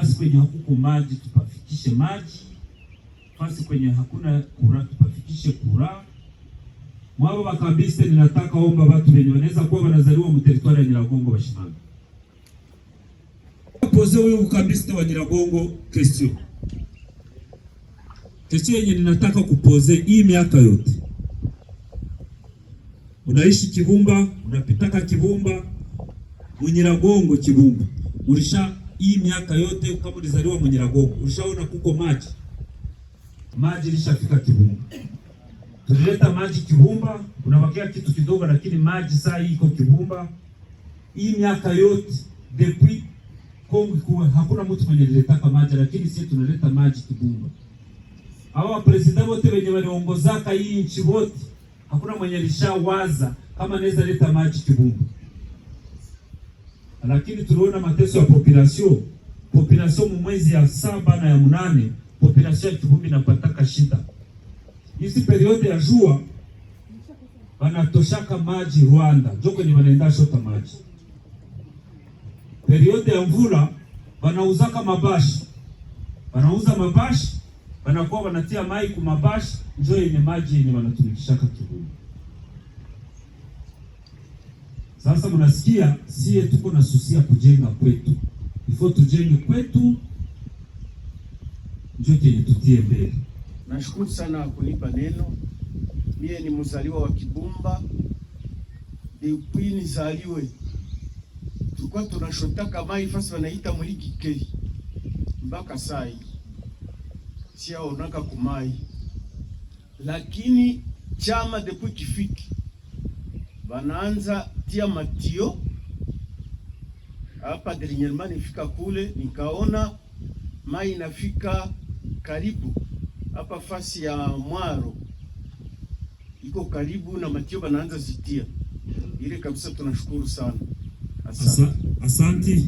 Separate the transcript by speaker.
Speaker 1: Pasi kwenye hakuko maji tupafikishe maji, pasi kwenye hakuna kura tupafikishe kura. Mwabo bakabise ninataka omba watu wenye wanaweza kuwa wanazaliwa mu territoire ya Nyiragongo bashimame. Poze wewe ukabiste wa Nyiragongo question. Question yenye ninataka kupoze hii miaka yote. Unaishi Kibumba, unapitaka Kibumba, Unyiragongo Kibumba. Ulisha hii miaka yote kama ulizaliwa Mwenyeragogo ulishaona kuko maji, maji ilishafika Kibumba. Tulileta maji Kibumba, unabakia kitu kidogo, lakini maji saa hii iko Kibumba. Hii miaka yote depuis Kongo kuwa hakuna mtu mwenye aliletaka maji, lakini sisi tunaleta maji Kibumba. Hawa presida wote wenye waliongozaka hii nchi wote, hakuna mwenye alishawaza kama anaweza leta maji Kibumba lakini tuliona mateso ya population population mwezi ya saba na ya munane population ya Kibumbi napataka shida. Hizi periode ya jua wanatoshaka maji Rwanda joko ni wanaenda shota maji. Periode ya mvula wanauzaka mabashi, wanauza mabashi, wanakuwa wanatia mai ku mabashi, njo yenye maji yenye wanatumikishaka Kibumbi. Sasa mnasikia sie tuko nasusia kujenga kwetu, ifo tujenge kwetu njo kenye tutie mbele.
Speaker 2: Nashukuru sana kunipa neno. Mie ni mzaliwa wa Kibumba, depuis nizaliwe tulikuwa tunashotaka mai fasi wanaita keli mpaka sai siaonaka kumai, lakini chama depuis kifiki wanaanza tia matio hapa dernierema, nifika kule nikaona mai inafika karibu hapa fasi ya mwaro iko karibu na matio wanaanza zitia ile kabisa. Tunashukuru sana,
Speaker 1: asante, asante.